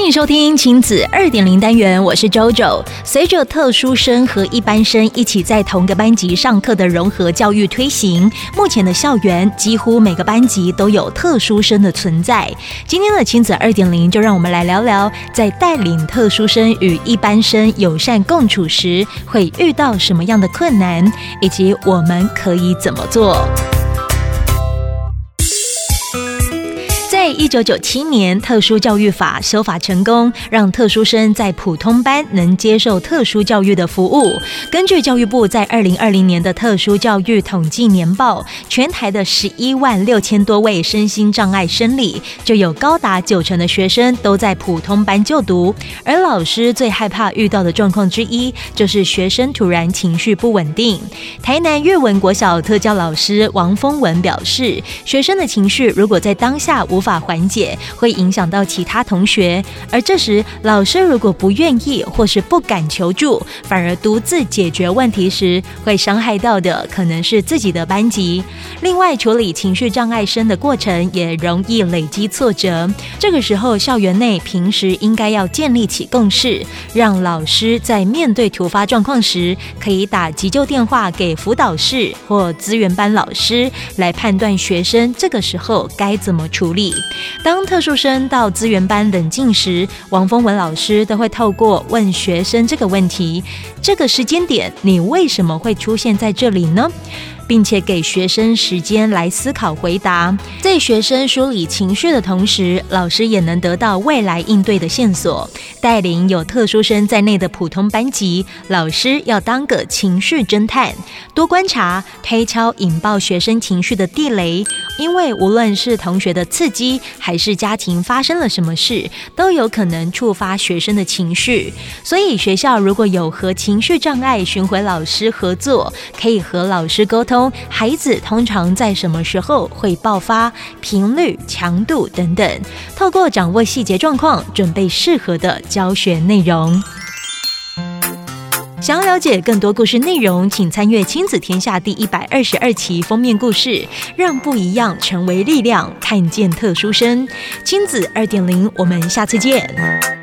歡迎收聽親子二點零單元，我是 JoJo。隨着特殊生和一般生一起在同個班級上課的融合教育推行，目前的校園幾乎每個班級都有特殊生的存在。今天的親子二點零，就讓我們來聊聊，在帶領特殊生與一般生友善共處時，會遇到什麼樣的困難，以及我們可以怎麼做。一九九七年，特殊教育法修法成功，讓特殊生在普通班能接受特殊教育的服務。根據教育部在二零二零年的特殊教育統計年報，全臺的十一萬六千多位身心障礙生裡，就有高達九成的學生都在普通班就讀。而老師最害怕遇到的狀況之一，就是學生突然情緒不穩定。台南粵文國小特教老師王峰文表示，學生的情緒如果在當下無法，緩解會影響到其他同學，而這時老師如果不願意或是不敢求助，反而獨自解決問題時，會傷害到的可能是自己的班級。另外，處理情緒障礙生的過程也容易累積挫折。這個時候，校園內平時應該要建立起共識，讓老師在面對突發狀況時，可以打急救電話給輔導室或資源班老師，來判斷學生這個時候該怎麼處理。當特殊生到資源班冷靜時，王峰文老師都會透過問學生這個問題：這個時間點，你為什麼會出現在這裡呢？並且給學生時間來思考回答。在學生梳理情緒的同時，老師也能得到未來應對的線索。帶領有特殊生在內的普通班級，老師要當個情緒偵探，多觀察、推敲引爆學生情緒的地雷。因為無論是同學的刺激，還是家庭發生了什麼事，都有可能觸發學生的情緒。所以，學校如果有和情緒障礙巡迴老師合作，可以和老師溝通孩子通常在什麼時候會爆發、頻率、強度等等。透過掌握細節狀況，準備適合的教學內容。想要了解更多故事內容，請參閱《親子天下》第一百二十二期封面故事，讓不一樣成為力量，看見特殊生，親子二點零。我們下次見。